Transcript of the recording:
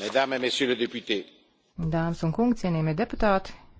Mesdames et messieurs les députés. Dāmas un kungi, cienījamie deputāti,